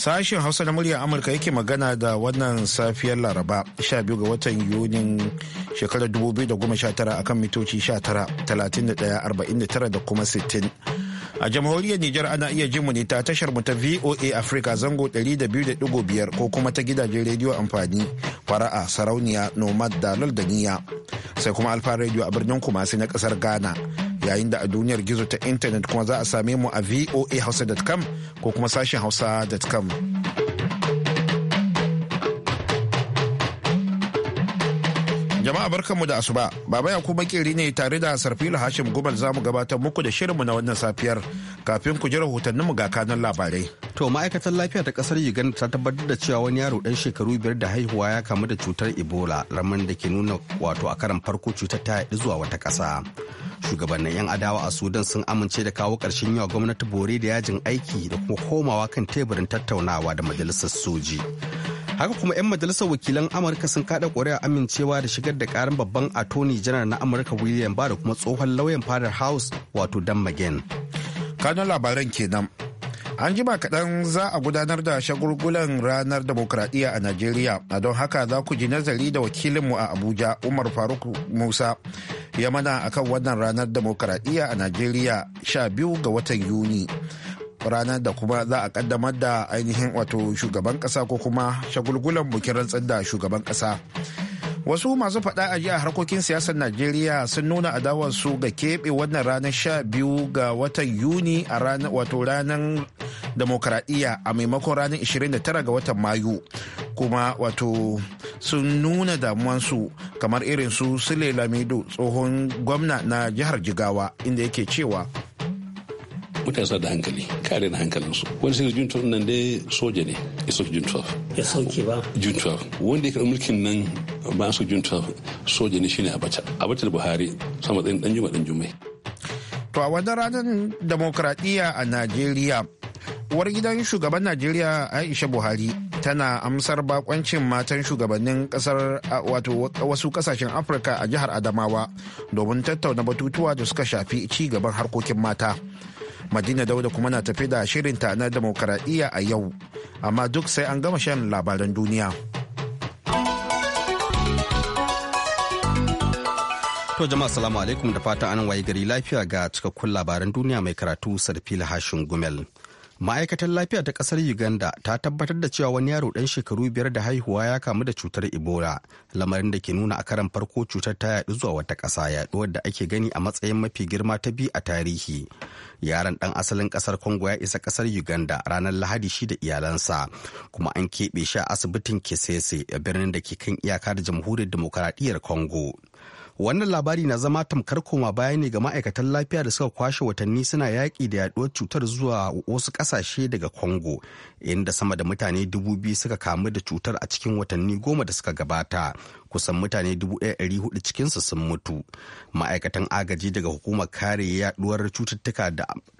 Sashen Hausa na muryar Amurka yake magana da wannan safiyar Laraba 12 ga watan Yunin shekarar 2019 akan mitoci 19, 31, 49 da kuma 60. a jamhuriyar Nijar ana iya jin mu ne ta tashar mu ta VOA Africa zango 200.5 ko kuma ta gidajen rediyo amfani fara'a sarauniya nomad da niya sai kuma alfa rediyo a birnin kumasi na kasar Ghana yayin da a duniyar gizo ta intanet kuma za a same mu a voa voahausa.com ko kuma sashen hausa.com. Jama'a barkanmu da asuba. Baba Yakubu Makeri ne tare da Sarfilu Hashim Gumal za mu gabatar muku da shirinmu na wannan safiyar kafin ku ji mu ga kanun labarai. To ma'aikatar lafiya ta kasar Uganda ta tabbatar da cewa wani yaro dan shekaru biyar da haihuwa ya kamu da cutar Ebola ramin da ke nuna wato a karan farko cutar ta yaɗu zuwa wata ƙasa. Shugabannin 'yan adawa a Sudan sun amince da kawo ƙarshen yawa gwamnati bore da yajin aiki da kuma komawa kan teburin tattaunawa da majalisar soji. haka kuma 'yan majalisar wakilan amurka sun kada ƙuri'a amincewa da shigar da karin babban attorney general na amurka william ba da kuma tsohon lauyan fadar house wato dan magen kanun labaran kenan an jima kaɗan za a gudanar da shagulgulan ranar demokradiyya a najeriya a don haka za ku ji nazari da wakilinmu a abuja umar faruk musa ya mana akan wannan ranar demokradiyya a najeriya 12 ga watan yuni ranar da kuma za a kaddamar da ainihin wato shugaban kasa ko kuma shagulgulan bukin rantsar da shugaban kasa wasu masu faɗa a jiya harkokin siyasar najeriya sun nuna adawarsu ga keɓe wannan ranar sha biyu ga watan yuni a ranar wato ranar demokradiyya a maimakon ranar 29 ga watan mayu kuma wato sun nuna damuwansu kamar irin su sule lamido tsohon gwamna na jihar jigawa inda yake cewa sa da hankali kare na hankalinsu wani sai jun 12 nan dai soja ne ya sauki jun 12 ya soke ba jun tuwaf wanda ya karɓi mulkin nan ba su jun 12 soja ne shine abacha abacha da buhari sa matsayin dan juma dan jumai to a wannan ranar demokradiyya a najeriya uwar gidan shugaban najeriya aisha buhari tana amsar bakoncin matan shugabannin kasar wato wasu kasashen afirka a jihar adamawa domin tattauna batutuwa da suka shafi ci gaban harkokin mata Madina Dauda kuma na tafi da shirin ta na demokaradiyya a yau, amma duk sai an gama shan labaran duniya. To jama'a salamu alaikum da fata an waye gari lafiya ga cikakkun labaran duniya mai karatu Sarfila Hashin Gumel. ma'aikatar lafiya ta kasar uganda ta tabbatar da cewa wani yaro ɗan shekaru biyar da haihuwa ya kamu da cutar ebola lamarin da ke nuna a karan farko cutar ta yaɗu zuwa wata ƙasa yaɗuwar da ake gani a matsayin mafi girma ta biyu a tarihi Yaran ɗan asalin ƙasar congo ya isa ƙasar uganda ranar lahadi shi da iyalansa kuma an keɓe shi a asibitin kesese a birnin da ke kan iyaka da jamhuriyar dimokuraɗiyyar congo wannan labari na zama tamkar koma baya ne ga ma'aikatan lafiya da suka kwashe watanni suna yaƙi da yaɗuwar cutar zuwa wasu ƙasashe daga congo inda sama da mutane dubu biyu suka kamu da cutar a cikin watanni goma da suka gabata kusan mutane 1,400 cikinsu sun mutu ma'aikatan agaji daga hukumar kare yaduwar cututtuka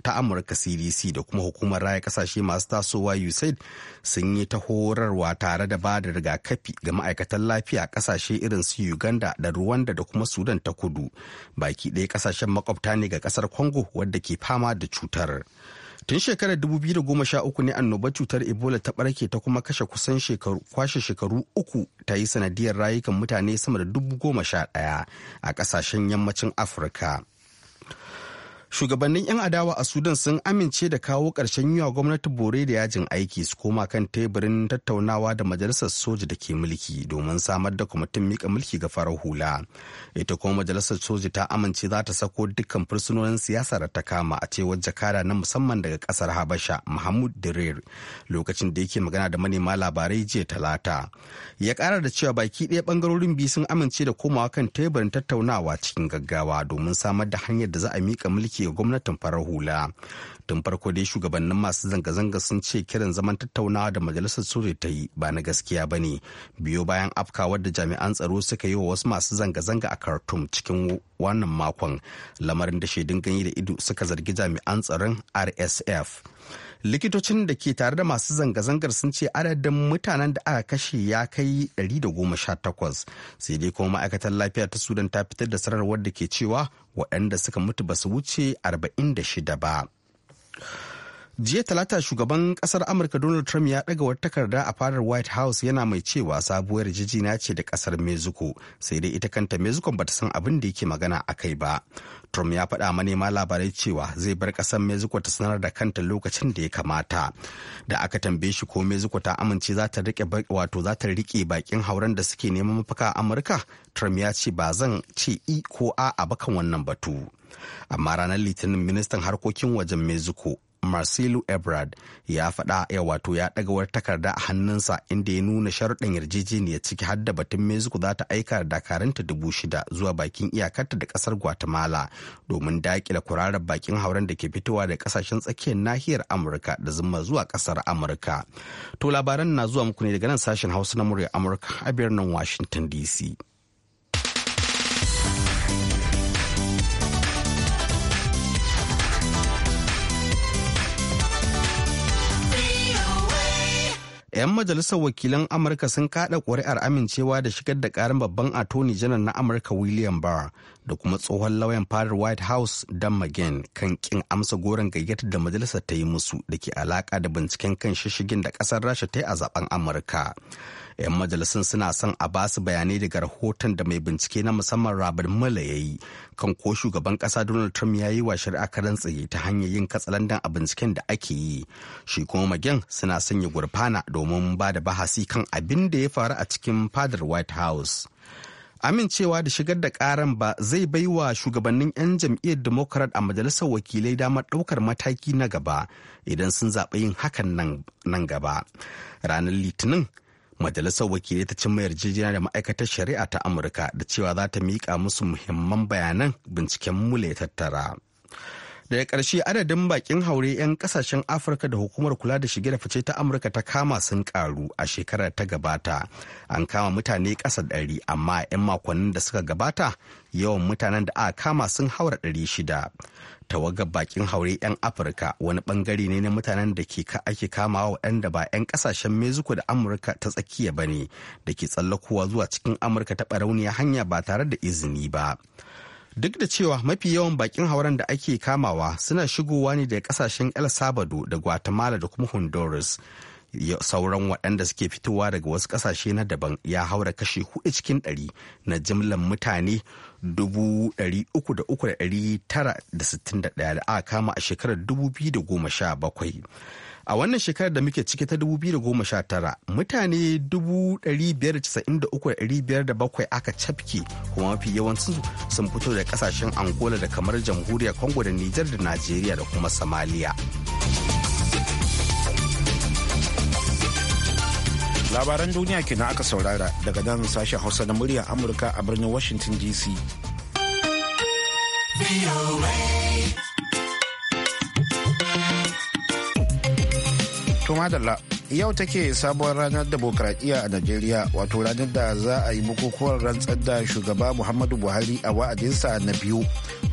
ta amurka cdc da kuma hukumar raya kasashe masu tasowa usaid sun yi ta horarwa tare da ba da rigakafi ga ma'aikatan lafiya kasashe irin su uganda da rwanda da kuma sudan ta kudu baki ɗaya kasashen makwabta ne ga kasar congo wadda ke fama da cutar. Tun shekarar 2013 ne annobar cutar Ebola ta barke ta kuma kashe kusan shekaru kwashe shekaru uku ta yi sanadiyar rayukan mutane sama da dubu goma sha daya a kasashen yammacin Afirka. shugabannin 'yan adawa a sudan sun amince da kawo ƙarshen yiwa gwamnati bore da yajin aiki su koma kan teburin tattaunawa da majalisar soja da ke mulki domin samar da kwamitin mika mulki ga farar hula ita kuma majalisar soja ta amince za ta sako dukkan fursunonin siyasa da ta kama a cewar jakada na musamman daga kasar habasha mahmud dirir lokacin da yake magana da manema labarai jiya talata ya kara da cewa baki ɗaya bangarorin biyu sun amince da komawa kan teburin tattaunawa cikin gaggawa domin samar da hanyar da za a mika mulki a gwamnatin farar hula tun farko dai shugabannin masu zanga-zanga sun ce kiran zaman tattaunawa da majalisar soja ta yi ba na gaskiya ba ne biyo bayan afka wadda jami'an tsaro suka yi wa wasu masu zanga-zanga a khartoum cikin wannan makon lamarin da shaidun ganye da ido suka zargi jami'an tsaron rsf likitocin da ke tare da masu zanga-zangar sun ce adadin mutanen da aka kashe ya kai 118 sai dai kuma ma'aikatar lafiya ta sudan ta fitar da sanarwar da ke cewa waɗanda suka mutu ba su wuce 46 ba jiya talata shugaban kasar amurka donald trump ya daga wata takarda a fadar white house yana mai cewa sabuwar jijina ce da kasar mexico sai dai ita kanta mexico bata san abin da yake magana a kai ba trump ya faɗa manema labarai cewa zai bar kasar mexico ta sanar da kanta lokacin da ya kamata da aka tambaye shi ko mexico ta amince za ta rike wato za ta rike bakin hauren da suke neman mafaka a amurka trump ya ce ba zan ce i ko a a bakan wannan batu amma ranar litinin ministan harkokin wajen mexico marcelo ebrard ya faɗa ya wato ya ɗaga wata takarda a hannunsa inda ya nuna sharuɗin yarjejeniya ciki har da batun mexico za ta aika da dakaranta dubu shida zuwa bakin iyakarta da ƙasar guatemala domin daƙila kurarar bakin hauren da ke fitowa da ƙasashen tsakiyar nahiyar amurka da zuma zuwa ƙasar amurka to labaran na zuwa muku ne daga nan sashen hausa na murya amurka a birnin washington dc 'yan majalisar wakilan amurka sun kada kuri'ar amincewa da shigar da karin babban atoni janar na amurka william barr da kuma tsohon lauyan fadar white house dan mcgain kan kin amsa goron gayyatar da majalisar ta yi musu da ke alaka da binciken kan shishigin da kasar rasha ta yi a zaben amurka 'yan majalisun suna son a ba su bayanai daga rahoton da mai bincike na musamman Robert Mueller ya yi kan ko shugaban kasa Donald Trump ya yi wa shari'a karan tsaye ta hanyar yin katsalandan a binciken da ake yi. Shi kuma magen suna sanya gurfana domin ba da bahasi kan abin da ya faru a cikin fadar White House. amincewa da shigar da karan ba zai bai wa shugabannin 'yan jam'iyyar democrat a majalisar wakilai damar ɗaukar mataki na gaba idan sun zaɓi yin hakan nan gaba ranar litinin majalisar wakilai ta cimma yarjejeniya da ma'aikatar shari'a ta amurka da cewa za ta miƙa musu muhimman bayanan binciken mule ya tattara daga ƙarshe adadin bakin haure 'yan ƙasashen afirka da hukumar kula da shige da fice ta amurka ta kama sun karu a shekarar ta gabata an kama mutane ƙasa ɗari amma 'yan makonnin da suka gabata yawan mutanen da aka kama sun haura ɗari shida tawagar bakin haure 'yan afirka wani bangare ne na mutanen da ke ake kamawa waɗanda ba 'yan kasashen mexico da amurka ta tsakiya ba ne da ke tsallakowa zuwa cikin amurka ta barauniya hanya ba tare da izini ba duk da cewa mafi yawan bakin hauren da ake kamawa suna shigowa ne daga kasashen el salvador da guatemala da kuma honduras sauran waɗanda suke fitowa daga wasu ƙasashe na daban ya haura kashe hudu cikin ɗari na jimlar mutane 3,961 da aka kama a shekarar 2017. A wannan shekarar da muke ciki ta 2019 mutane 593,507 aka cafke kuma mafi yawancin sun fito da kasashen Angola da kamar jamhuriyar Congo da Nijar da Najeriya da kuma Somalia. labaran duniya kenan aka saurara daga nan sashen hausa na muryar amurka a birnin washington dc madalla yau take sabuwar ranar demokradiyya a najeriya wato ranar da za a yi bukukuwar rantsar da shugaba muhammadu buhari a wa'adinsa na biyu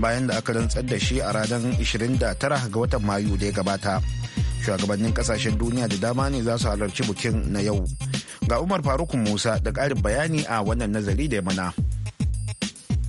bayan da aka rantsar da shi a ranar 29 ga watan mayu da ya gabata shugabannin kasashen duniya da dama ne za su halarci bikin na yau ga umar faruk musa da ƙarin bayani a wannan nazari da ya mana.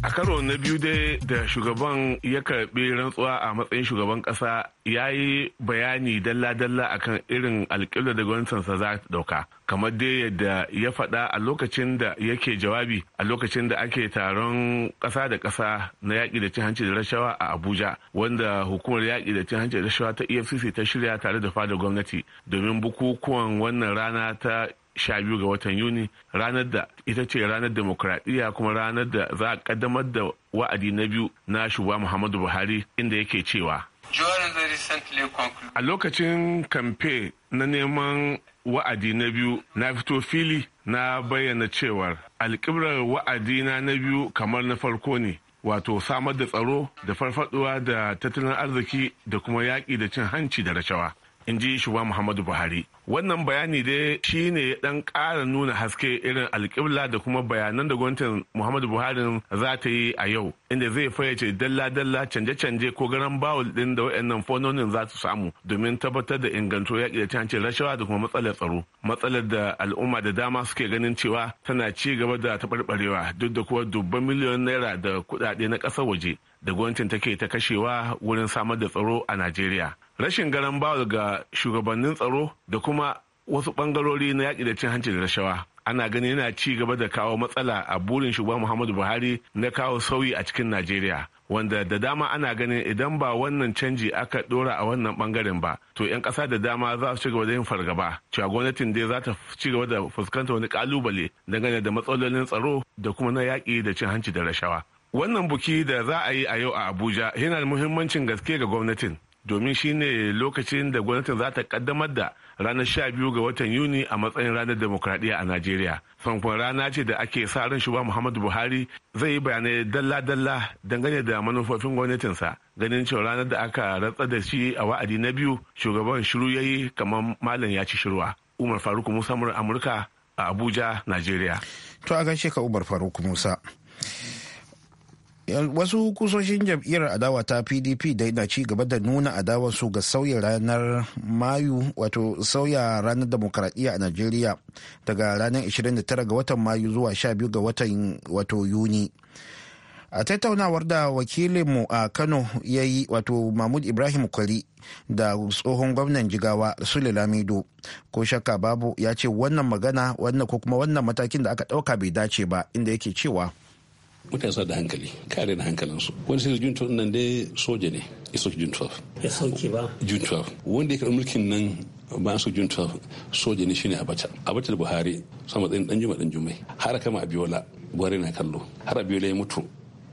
a karo na biyu dai da shugaban ya karbi rantsuwa a matsayin shugaban kasa ya yi bayani dalla-dalla akan irin alƙibla da sa za ta dauka kamar dai yadda ya faɗa a lokacin da yake jawabi a lokacin da ake taron kasa da kasa na yaƙi da cin hanci da rashawa a abuja wanda hukumar yaƙi da cin hanci da rashawa ta efcc ta shirya tare da fadar gwamnati domin bukukuwan wannan rana ta sha biyu ga watan yuni ranar da ita ce ranar demokradiyya kuma ranar da za a kaddamar da wa'adi na biyu na shugaba muhammadu buhari inda yake cewa a lokacin kamfe na neman wa'adi na biyu na fito fili na bayyana cewar alkibrar wa'adi na biyu kamar na farko ne wato samar da tsaro da farfaduwa da tattalin arziki da kuma yaƙi da cin hanci da rashawa in ji shugaba muhammadu buhari wannan bayani dai shine dan ƙara nuna haske irin alƙibla da kuma bayanan da gwamnatin muhammadu buhari za ta yi a yau inda zai fayyace dalla-dalla canje-canje ko garan bawul din da waɗannan fononin za su samu domin tabbatar da inganto yaƙi da cancin rashawa da kuma matsalar tsaro matsalar da al'umma da dama suke ganin cewa tana ci gaba da taɓarɓarewa duk da kuwa dubban miliyon naira da kuɗaɗe na ƙasar waje da gwamnatin take ta kashewa wurin samar da tsaro a najeriya rashin garan bawa ga shugabannin tsaro da kuma wasu bangarori na yaƙi da cin hanci da rashawa ana ganin yana ci gaba da kawo matsala a burin shugaban muhammadu buhari na kawo sauyi a cikin najeriya wanda da dama ana ganin idan ba wannan canji aka dora a wannan bangaren ba to 'yan kasa da dama za su ci gaba da yin fargaba cewa gwamnatin dai za ta ci gaba da fuskanta wani kalubale dangane da matsalolin tsaro da kuma na yaƙi da cin hanci da rashawa wannan buki da za a yi a yau a abuja yana da muhimmancin gaske ga gwamnatin domin shine lokacin da gwamnatin za ta kaddamar da ranar 12 ga watan Yuni a matsayin ranar demokradiyya a Najeriya. Fankon rana ce da ake sa ran shugaba Muhammadu Buhari zai yi bayanai dalla-dalla dangane da manufofin gwamnatinsa. Ganin cewa ranar da aka ratsa da shi a wa'adi na biyu shugaban shiru ya yi kamar malam ya ci shirwa. Umar Faruk Musa Amurka a Abuja, Najeriya. To a gaishe ka Umar Faruk Musa. wasu kusoshin jam'iyyar adawa ta pdp dai na ci gaba da nuna adawarsu ga sauya ranar mayu wato sauya ranar demokaradiyya a najeriya daga ranar 29 ga watan mayu zuwa 12 ga watan wato yuni a tattaunawar da wakilinmu a kano ya yi wato mahmud ibrahim kwari da tsohon gwamnan jigawa sule lamido ko shakka babu ya ce wannan magana wannan ko kuma wannan matakin da aka ɗauka bai dace ba inda yake cewa mutane suna da hankali kare da hankalinsu wani sai jun 12 nan dai soja ne ya soke jun 12 ya soke ba jun 12 wanda ya karɓi mulkin nan ba su jun 12 soja ne shine abacha abacha da buhari sama matsayin dan juma dan jumai har kama abiola buhari na kallo har abiola ya mutu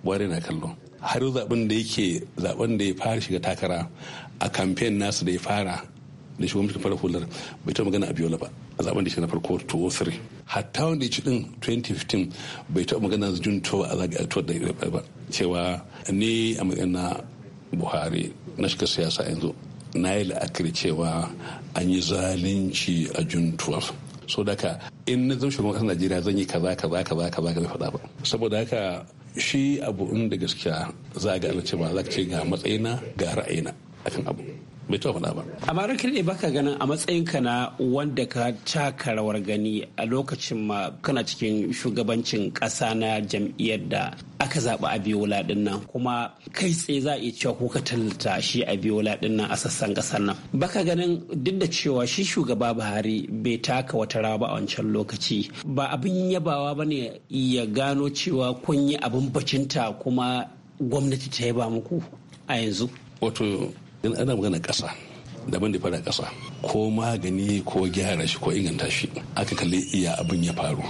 buhari na kallo har zaben da yake zaben da ya fara shiga takara a kamfen nasu da ya fara da shugaban mulkin fara hular bai ta magana abiola ba a zaben da shi na farko 2003 hatta wanda ya ci din 2015 bai taɓa magana to a yi ba cewa ni a na buhari na shiga siyasa yanzu na yi la'akari cewa an yi zalunci a juntuwar so daka in na zama shugaban ƙasar najeriya zan yi kaza kaza kaza kaza ka faɗa ba saboda haka shi abu in da gaskiya za ga ana cewa za ka ce ga matsayina ga ra'ayina akan abu bai taɓa faɗa ba. amma ranka ne baka ganin a matsayinka na wanda ka taka rawar gani a lokacin ma kana cikin shugabancin ƙasa na jam'iyyar da aka zaɓi a biyu ɗin nan kuma kai tsaye za a iya cewa ko ka tallata shi a biyu ɗin nan a sassan ƙasar nan baka ganin duk da cewa shi shugaba buhari bai taka wata rawa ba a wancan lokaci ba abin yabawa ba ne ya gano cewa kun yi abin bacinta kuma gwamnati ta yaba muku a yanzu wato in ana magana ƙasa daban da fara ƙasa ko magani ko gyara shi ko inganta shi aka kalli iya abin ya faru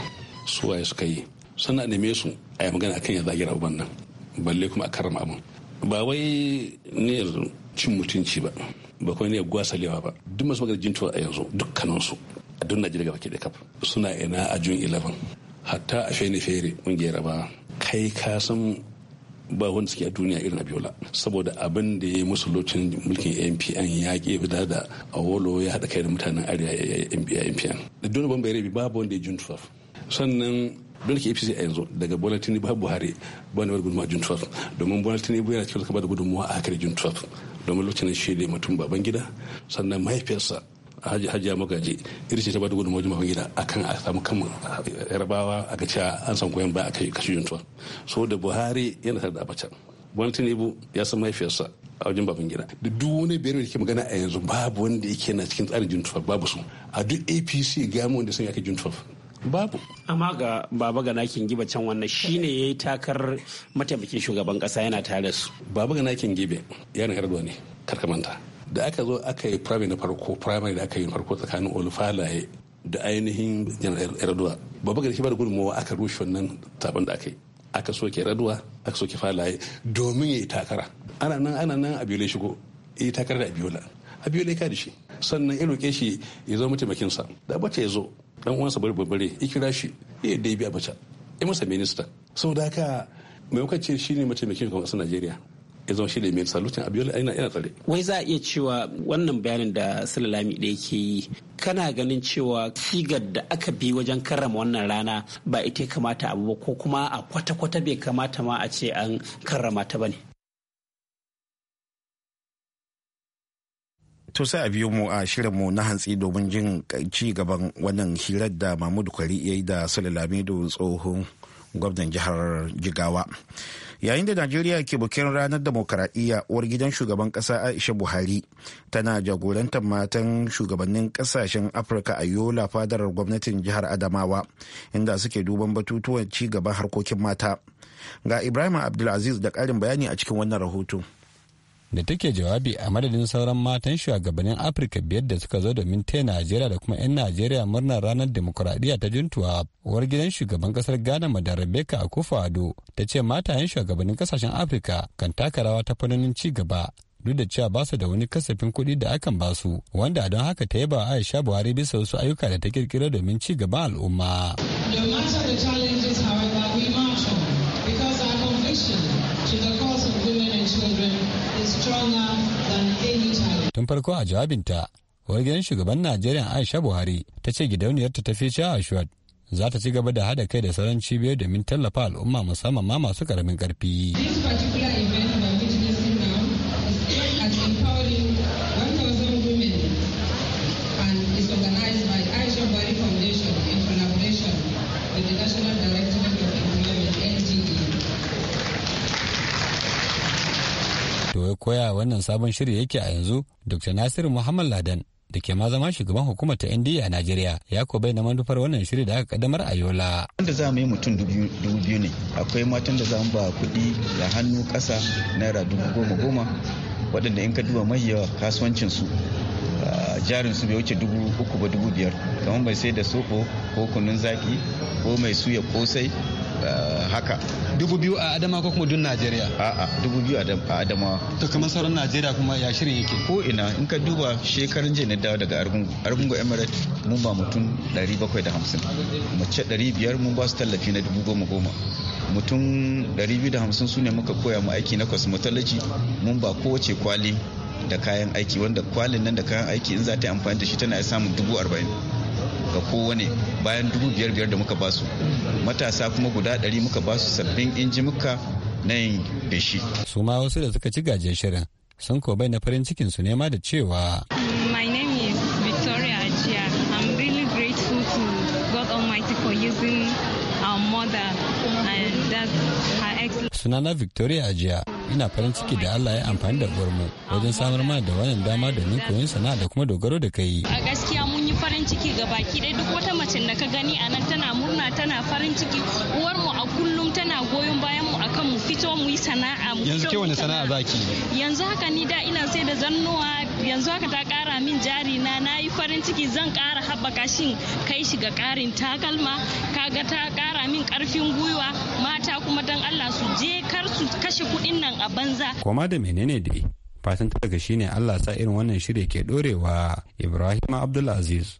suwaye suka yi suna neme su a yi magana akan ya zagi abin nan balle kuma a karama abin ba wai ne cin mutunci ba ba kuma ne gwasalewa ba duk masu magana jintuwa a yanzu su a duk najeriya baki da kaf suna ina a jun 11 hatta a fene fere kungiyar ba kai ka san ba wanda suke a duniya irin abiola saboda abin da ya yi musu lokacin mulkin mpn ya kebida da da awolo ya haɗa kai da mutanen arewa ya mpn da duniya ban bayarabi babu wanda ya jun 12 sannan don ke apc a yanzu daga bola tinubu ba buhari ba ne wani gudunmawa jun 12 domin bola tinubu yana cikin ba da gudunmuwa a hakar jun 12 domin lokacin shi ne mutum baban gida sannan mahaifiyarsa hajiya magaji ita ce ta bada gudunmawar jama'a gida a kan a samu kan yarbawa a ga cewa an san koyon ba a kai kashi yuntuwa so da buhari yana tare da abacha wani tinubu ya san mahaifiyarsa a wajen babin gida da duk wani biyar da ke magana a yanzu babu wanda yake na cikin tsarin juntuwa babu su a duk apc ga mu wanda sun yake juntuwa babu amma ga baba ga nakin giba can wannan shine yayi takar mataimakin shugaban kasa yana tare da su baba ga nakin gibe yana yarda ne karkamanta da aka zo aka yi primary na farko primary da aka yi farko tsakanin olufalaye da ainihin janar yarduwa babu garki ba da gudunmawa aka rushe wannan taban da aka yi aka soke raduwa aka soke falaye domin ya yi takara ana nan ana nan abiola shigo ya yi takara da abiola abiola ya kada shi sannan ya roƙe shi ya zo mataimakinsa da abacha ya zo dan uwansa bari bari ya kira shi ya yadda ya bi abacha ya masa minista saboda haka maimakon ce shi ne mataimakin a san najeriya ya zama shi ne mai salutin abiyola ina yana tsare wai za a iya cewa wannan bayanin da sulalami da yake yi kana ganin cewa sigar da aka bi wajen karrama wannan rana ba ita kamata abu ko kuma a kwata-kwata bai kamata ma a ce an karrama ta ne. to sai a biyo mu a shirinmu na hantsi domin jin ci gaban wannan hirar da mahmud kwari ya yi da sulalami da tsohon gwamnan jihar jigawa yayin da najeriya ke bukin ranar demokaradiyya uwar gidan shugaban ƙasa aisha buhari tana jagorantar matan shugabannin ƙasashen afirka a yola fadar gwamnatin jihar adamawa inda suke duban batutuwan ci gaban harkokin mata ga ibrahim abdulaziz da ƙarin bayani a cikin wannan rahoto da take jawabi a madadin sauran matan shugabannin afirka biyar da suka zo domin taya najeriya da kuma 'yan najeriya murnar ranar demokuraɗiyya ta juntuwa uwar gidan shugaban kasar ghana mada rebecca akufo-addo ta ce matayen shugabannin kasashen afirka kan taka rawa ta fannonin ci gaba duk da cewa ba da wani kasafin kuɗi da akan basu su wanda don haka ta yaba aisha buhari bisa wasu ayyuka da ta kirkira domin ci gaban al'umma. to the cause of women and children tun farko a jawabinta uwar shugaban najeriya aisha buhari ta ce gidauniyarta ta fice a ashwad za ta ci gaba da hada kai da sauran cibiyar domin tallafa al'umma musamman ma masu ƙaramin ƙarfi. wannan sabon shiri yake a yanzu dr nasiru muhammad ladan da ke ma zama shugaban hukumar ta indiya a nigeria ya ko bai na manufar wannan shiri da aka kaddamar a yola wanda za mu yi mutum dubu biyu ne akwai matan da za mu ba kuɗi da hannu ƙasa naira dubu goma goma waɗanda in ka duba yawa kasuwancin su jarin su bai wuce dubu uku ba dubu biyar kamar bai sai da soko ko kunun zaki ko mai suya kosai Eh, haka dubu biyu a adama ko kuma dun najeriya a'a dubu biyu a adama to kamar sauran najeriya kuma ya shirin yake ko ina in ka duba shekarun jiya na dawo daga argungu argungu emirates mun ba mutum 750 mace 500 mun ba su tallafi na dubu goma goma mutum 250 su ne muka koya mu aiki na cosmetology mun ba kowace kwali da kayan aiki wanda kwalin nan da kayan aiki in za ta yi amfani da shi tana samun dubu arba'in ga kowane bayan dubu biyar biyar da muka basu matasa kuma guda ɗari muka basu sabbin muka na yin feshi. su ma wasu da suka ci gajiyar shirin sun ko na farin cikin su nema da cewa. my name is victoria ajiya i'm really grateful to god almighty for using our mother and that's her sunana victoria ajiya ina farin ciki da Allah ya amfani da uwarmu wajen samar mana da wannan dama domin koyon sana'a da kuma dogaro da kai. A gaskiya farin ciki ga baki ɗaya duk wata mace da ka gani a nan tana murna tana farin ciki uwar mu a kullum tana goyon bayan mu akan mu fito mu yi sana'a mu yanzu ke wani sana'a zaki yanzu haka ni da ina sai da zannuwa yanzu haka ta kara min jari na nayi farin ciki zan kara haɓaka shin kai shi ga karin takalma kaga ta kara min karfin gwiwa mata kuma dan Allah su je kar su kashe kuɗin nan a banza koma da menene dai fatan ta daga shine Allah sa irin wannan shirye ke dorewa Ibrahim Abdulaziz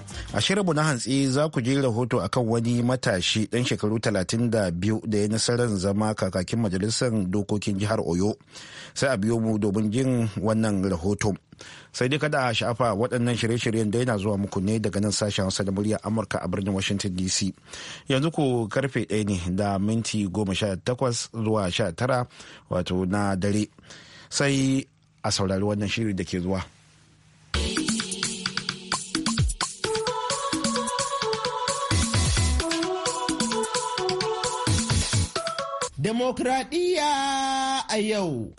a shirin na hantsi za ku je rahoto akan wani matashi ɗan shekaru 32 da ya nasarar zama kakakin majalisar dokokin jihar oyo sai a biyo mu domin jin wannan rahoto sai dai kada a sha'afa waɗannan shirye-shiryen da yana zuwa muku ne daga nan sashen hausa da murya amurka a birnin washington dc yanzu ku karfe ɗaya ne da minti goma sha takwas zuwa sha tara wato na dare sai a saurari wannan shiri da ke zuwa. Demokradiyya a yau.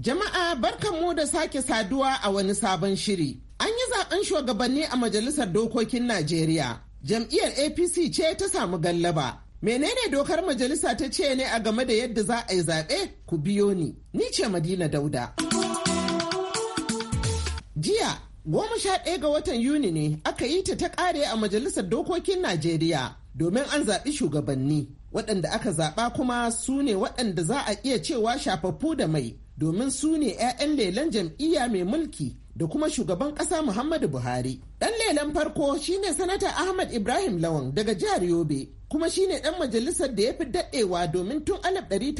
Jama'a barkanmu da sake saduwa a wani sabon shiri. An yi zaben shugabanni a Majalisar Dokokin Najeriya. Jam'iyyar APC ce ta samu gallaba. Menene dokar majalisa ta ce ne a game da yadda za a yi zaɓe? Ku biyo ni. Ni ce Madina Dauda. Jiya Goma sha ɗaya ga watan Yuni ne aka yi ta ta ƙare a Majalisar Dokokin Najeriya domin an zaɓi shugabanni. Waɗanda aka zaɓa kuma su ne waɗanda za a iya cewa shafaffu da mai domin su ne 'ya'yan lelen jam'iyya mai mulki da kuma shugaban ƙasa Muhammadu Buhari. Ɗan lelen farko shine Sanata Ahmad Ibrahim Lawan daga jihar Yobe kuma shine ɗan majalisar da ya fi daɗewa domin tun alif ɗari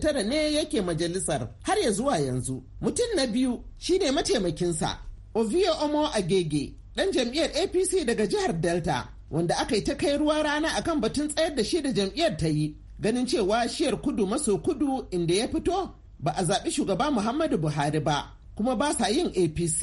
tara ne yake majalisar har ya zuwa yanzu. Mutum na biyu shine mataimakinsa Ovio Omo Agege, ɗan jam'iyyar APC daga jihar Delta, wanda aka yi ta kai ruwa rana akan batun tsayar da shi da jam'iyyar ta yi, ganin cewa shiyar kudu maso kudu inda ya fito ba a zaɓi shugaba Muhammadu Buhari ba, kuma ba sa yin APC.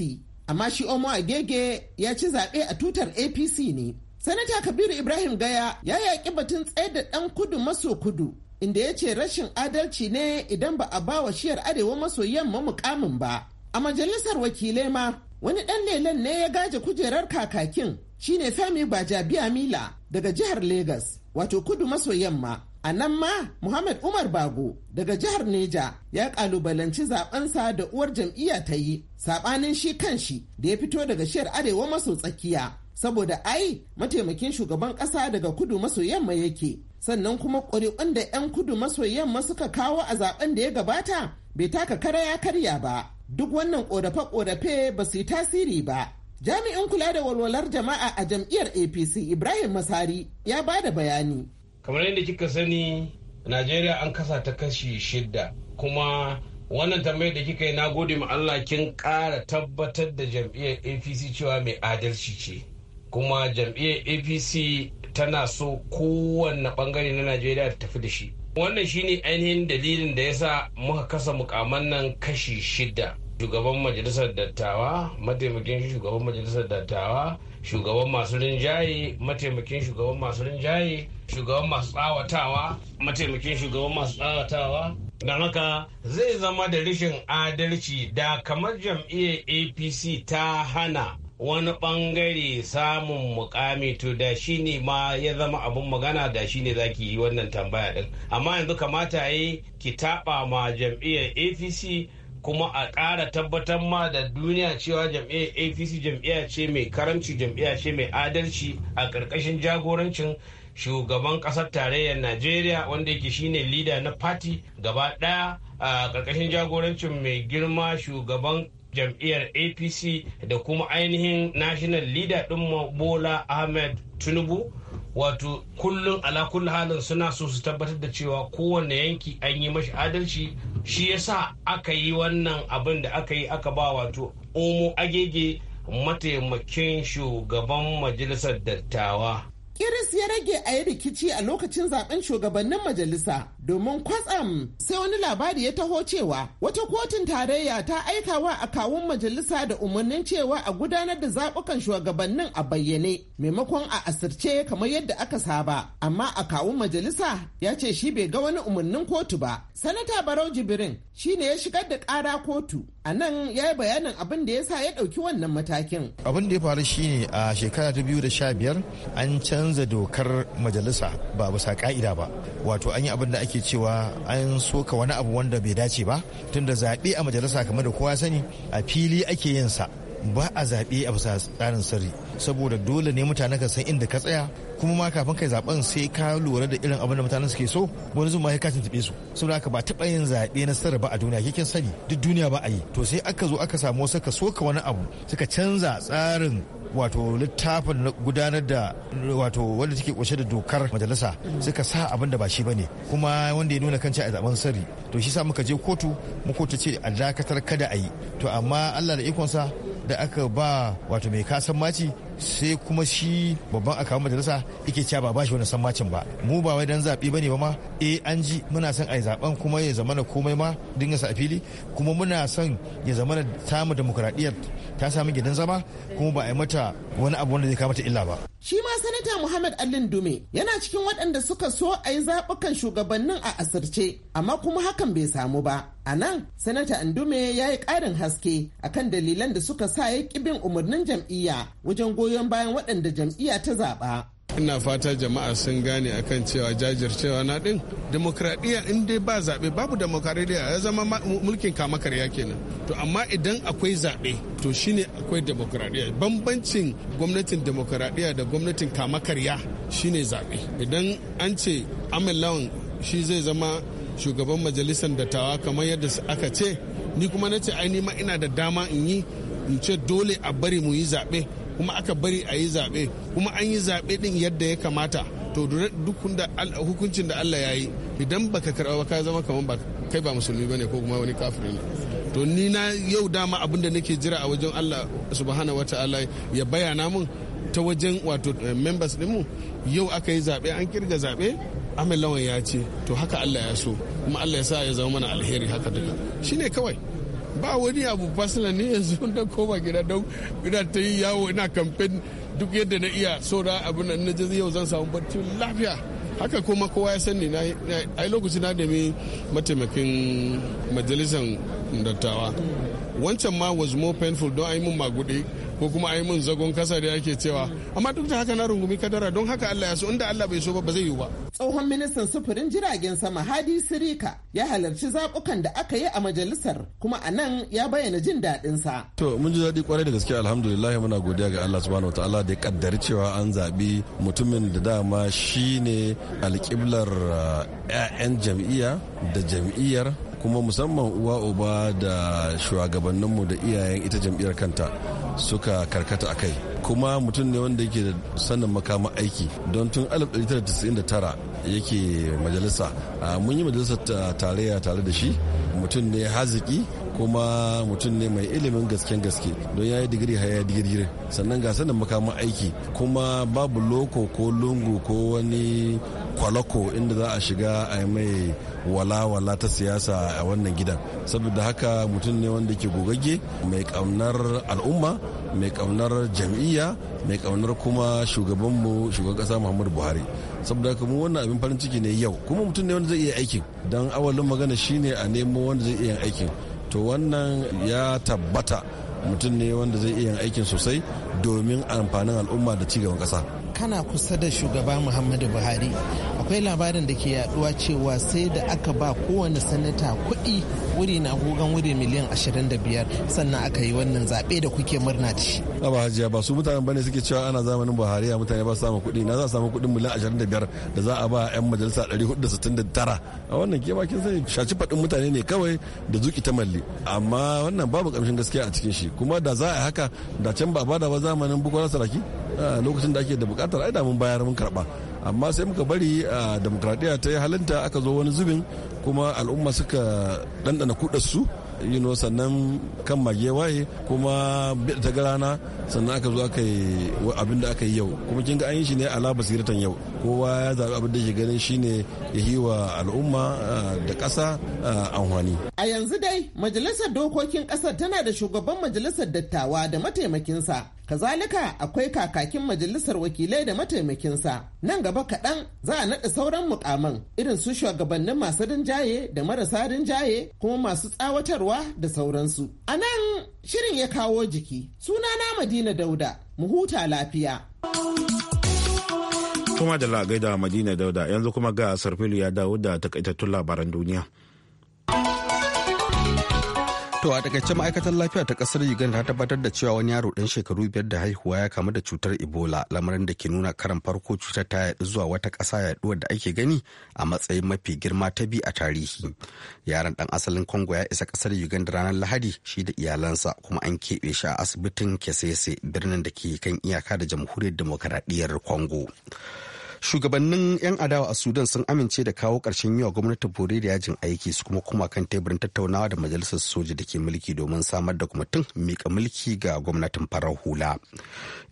Amma shi Omo Agege ya ci zaɓe a tutar APC ne. Sanata Kabiru Ibrahim Gaya ya yaƙi batun tsayar da ɗan kudu maso kudu inda ya ce rashin adalci ne idan ba a ba wa shiyar arewa maso yamma mukamin ba. A majalisar wakilai ma wani ɗan lelen ne ya gaje kujerar kakakin shine sami bajabiya mila daga jihar Legas, wato kudu maso yamma a nan ma muhammad umar bago daga jihar neja ya kalubalanci zabensa da uwar jam'iyya ta yi sabanin shi kan shi da ya fito daga shiyar arewa maso tsakiya saboda ai mataimakin shugaban kasa daga kudu maso yamma yake sannan kuma ƙuri'un da 'yan kudu maso yamma suka kawo a zaben da ya gabata bai taka kara ya karya ba duk wannan ƙorafe-ƙorafe ba su yi tasiri ba. Jami'in kula da walwalar jama'a a jam'iyyar APC Ibrahim Masari ya ba da bayani. Kamar yadda kika sani, Najeriya an kasa ta kashi shidda kuma wannan tambayar da kika yi na gode ma Allah kin ƙara tabbatar da jam'iyyar APC cewa mai adalci ce. Kuma jam'iyyar APC tana so kowanne bangare na Najeriya ta tafi da shi. wannan shine ainihin dalilin da yasa muka kasa mukaman nan kashi shida shugaban majalisar dattawa mataimakin shugaban majalisar dattawa shugaban masu rinjaye mataimakin shugaban masu rinjaye shugaban masu tsawatawa mataimakin shugaban masu tsawatawa don haka zai zama da rashin adalci da kamar jam'iyyar apc ta hana wani bangare samun mukami to da shi ne ma ya zama abun magana da shi ne za ki yi wannan tambaya din amma yanzu kamata ya ki taɓa ma jam'iyyar apc kuma a ƙara tabbatar ma da duniya cewa jam'iyyar apc jam'iyya ce mai karamci jam'iyya ce mai adalci a ƙarƙashin jagorancin shugaban ƙasar tarayyar najeriya wanda yake shine lida na party gaba ɗaya a ƙarƙashin jagorancin mai girma shugaban jam'iyyar apc da kuma ainihin national leader ɗin bola ahmed tinubu wato kullum ala kulli halin suna so su tabbatar da cewa kowane yanki an yi mashi adalci shi yasa aka yi wannan abin da aka yi aka ba wato omo agege mataimakin shugaban majalisar dattawa Kiris ya rage a yi rikici a lokacin zaben shugabannin majalisa domin kwatsam sai wani labari ya taho cewa wata kotun tarayya ta aikawa a kawun majalisa da umarnin cewa a gudanar da zabukan shugabannin a bayyane maimakon a asirce kamar yadda aka saba amma a kawun majalisa ya ce shi bai ga wani umarnin kotu ba sanata barau jibirin shine ya shigar da kara kotu a nan ya yi bayanin abin da ya sa ya ɗauki wannan matakin. Abin da ya faru shine a shekara ta biyu da sha biyar an canza dokar majalisa ba bisa ka'ida ba. Wato an yi abin da ake cewa an soka wani abu wanda bai dace ba tunda zaɓe a majalisa kamar da kowa sani a fili ake yin sa ba a zaɓe a bisa tsarin sirri saboda dole ne mutane ka san inda ka tsaya kuma ma kafin kai zaben sai ka lura da irin abin da mutanen suke so wani zuma ya kacin tabe su saboda haka ba taɓa yin zaɓe na sarra ba a duniya kikin sani duk duniya ba a yi to sai aka zo aka samu saka soka wani abu suka canza tsarin wato littafin gudanar da wato wanda take kunshe da dokar majalisa suka sa abin da ba shi bane kuma wanda ya nuna kan a zaben sarri to shi sa muka je kotu mu kotu ce a dakatar kada a yi to amma Allah da ikonsa da aka ba wato mai kasan maci sai kuma shi babban akawun majalisa yake cewa ba bashi wani sammacin ba mu ba wai dan zaɓe bane ba ma eh an ji muna son a yi zaben kuma ya zamana komai ma dinga sa a fili kuma muna son ya zamana tamu demokradiyyar ta sami gidan zama kuma ba a yi mata wani abu wanda zai kawo mata illa ba shi ma sanata muhammad alin dume yana cikin waɗanda suka so a yi zaɓukan shugabannin a asirce amma kuma hakan bai samu ba a nan sanata andume ya yi ƙarin haske akan dalilan da suka sa ya ƙi bin umarnin jam'iyya wajen goyon bayan waɗanda jam'iyya ta zaɓa ina fata jama'a sun gane akan cewa jajircewa na din demokradiyya in dai ba zaɓe babu demokradiyya ya zama mulkin kama karya kenan to amma idan akwai zaɓe to shine akwai demokradiyya bambancin gwamnatin demokradiyya da gwamnatin kama karya shine zaɓe idan an ce amin lawan shi zai zama shugaban majalisar dattawa kamar yadda aka ce ni kuma na ce ai ma ina da dama in yi in ce dole a bari mu yi zaɓe kuma aka bari a yi zaɓe kuma an yi zaɓe ɗin yadda ya kamata to duk hukuncin da Allah ya yi idan baka karɓa ba ka zama kamar ba kai ba musulmi bane ko kuma wani kafiri ne to ni na yau dama abin da nake jira a wajen Allah subhanahu wataala ya bayyana mun ta wajen wato eh, members mu yau aka yi zaɓe an kirga zaɓe amin lawan ya ce to haka Allah ya so kuma Allah ya sa ya zama mana alheri haka duka shine kawai ba wani abu personal ne yanzu da koma gida don gida ta yi yawo ina kamfen duk yadda na iya so da abin da na yau zan samu barci lafiya haka kuma kowa ya sani na ai lokaci na da mataimakin majalisar dattawa wancan ma was more painful don a yi mun magudi ko kuma a yi mun zagon kasa da ake cewa amma duk da haka na rungumi kadara don haka Allah ya so inda Allah bai so ba ba zai yiwu ba tsohon ministan sufurin jiragen sama Hadi Sirika ya halarci zabukan da aka yi a majalisar kuma a nan ya bayyana jin daɗin sa to mun ji daɗi kwarai da gaske alhamdulillah muna godiya ga Allah subhanahu wataala da ya kaddari cewa an zabi mutumin da dama shine alƙiblar ah, 'ya'yan jam'iyya da jam'iyyar kuma musamman uwa uba da shugabanninmu da iyayen ita jam'iyyar kanta suka karkata a kai kuma mutum ne wanda yake da sanin makama aiki don tun 1999 yake majalisa ah, mun yi majalisar tarayya tare da shi mutum ne haziki kuma mutum ne mai ilimin gasken gaske don ya yi digiri har ya digiri sannan ga sanin makaman aiki kuma babu loko ko lungu ko wani kwalako inda za a shiga a yi mai wala-wala ta siyasa a wannan gidan saboda haka mutum ne wanda ke gogagge mai kaunar al'umma mai kaunar jam'iyya mai kaunar kuma shugabanmu shugaban kasa muhammadu buhari saboda haka mu wannan abin farin ciki ne yau kuma mutum ne wanda zai iya aikin don awalin magana shine a nemo wanda zai iya aikin to wannan ya tabbata mutum ne wanda zai iya yin aikin sosai domin amfanin al'umma da cigaban ƙasa. kana kusa da shugaba muhammadu buhari akwai labarin da ke yaduwa cewa sai da aka ba kowane sanata kuɗi wuri na gogon wuri miliyan 25 sannan aka yi wannan zaɓe da kuke murna ci. Aba hajiya ba su mutanen bane suke cewa ana zamanin Buhari ya mutane ba su samu kuɗi na za su samu kuɗin miliyan 25 da za a ba 'yan majalisa 469 a wannan ke bakin sai shaci faɗin mutane ne kawai da zuki ta malli amma wannan babu ƙamshin gaskiya a cikin shi kuma da za a haka da can ba ba da ba zamanin bukola saraki lokacin da ake da bukatar ai da mun bayar mun karɓa amma sai muka bari a demokradiyya ta yi halinta aka zo wani zubin kuma al'umma suka ɗanɗana kudarsu yino sannan kan mage waye kuma ta garana sannan aka zo aka yi abin da aka yi yau kuma kin ga an yi shi ne ala basiratan yau kowa ya zaɓi abin da ke ganin shine ya yi wa al'umma da ƙasa amfani. A yanzu dai majalisar dokokin ƙasar tana da shugaban majalisar dattawa da mataimakinsa. Kazalika akwai kakakin majalisar wakilai da mataimakinsa. Nan gaba kaɗan za a naɗa sauran mukaman irin su shugabannin masu rinjaye da marasa rinjaye kuma masu tsawatarwa da sauransu. A nan shirin ya kawo jiki. Sunana Madina Dauda, mu huta lafiya. kuma da la'agaida Madina Dauda yanzu kuma ga Sarfilu ya dawo da takaitattun labaran duniya. To a takaice ma'aikatar lafiya ta kasar Uganda ta tabbatar da cewa wani yaro dan shekaru biyar da haihuwa ya kamu da cutar Ebola lamarin da ke nuna karan farko cutar ta yaɗu zuwa wata ƙasa yaɗuwar da ake gani a matsayin mafi girma ta biyu a tarihi. Yaron dan asalin Congo ya isa kasar Uganda ranar Lahadi shi da iyalansa kuma an keɓe shi a asibitin Kesese birnin da ke kan iyaka da jamhuriyar demokaradiyyar Congo. shugabannin 'yan adawa a sudan sun amince da kawo ƙarshen yawa gwamnatin bore da yajin aiki su kuma kuma kan teburin tattaunawa da majalisar soja da ke mulki domin samar da kuma tun mika mulki ga gwamnatin farar hula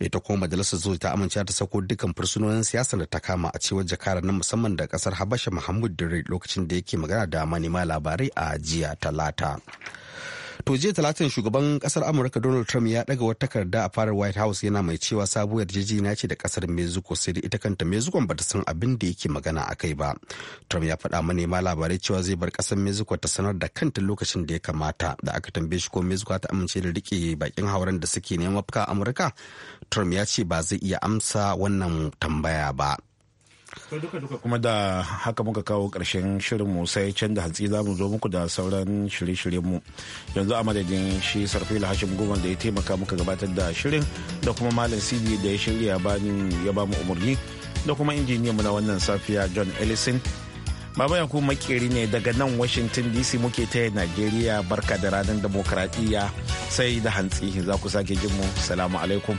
ita kuma majalisar soja ta amince ta sako dukkan fursunonin siyasa da ta kama a cewar jakara na musamman da kasar habasha muhammad dare lokacin da yake magana da manema labarai a jiya talata. to jiya talatin shugaban kasar amurka donald trump ya daga wata takarda a farar white house yana mai cewa sabuwar yarjejeniya ce da kasar mexico sai da ita kanta mexico bata san abin da yake magana a kai ba trump ya faɗa manema labarai cewa zai bar kasar mexico ta sanar da kanta lokacin da ya kamata da aka tambaye shi ko mexico ta amince da rike bakin hauren da suke neman mafaka amurka trump ya ce ba zai iya amsa wannan tambaya ba kuma da haka muka kawo ƙarshen shirinmu sai can da hantsi za mu zo muku da sauran shirye-shiryenmu yanzu a madadin shi sarfila hashim goma da ya taimaka muka gabatar da shirin da kuma malam cd da ya shirya ya ba mu umarni da kuma injiniyanmu na wannan safiya john ellison baba yanku makeri ne daga nan washington dc muke taya nigeria barka da ranar demokradiyya sai da hantsi za ku sake jin mu salamu alaikum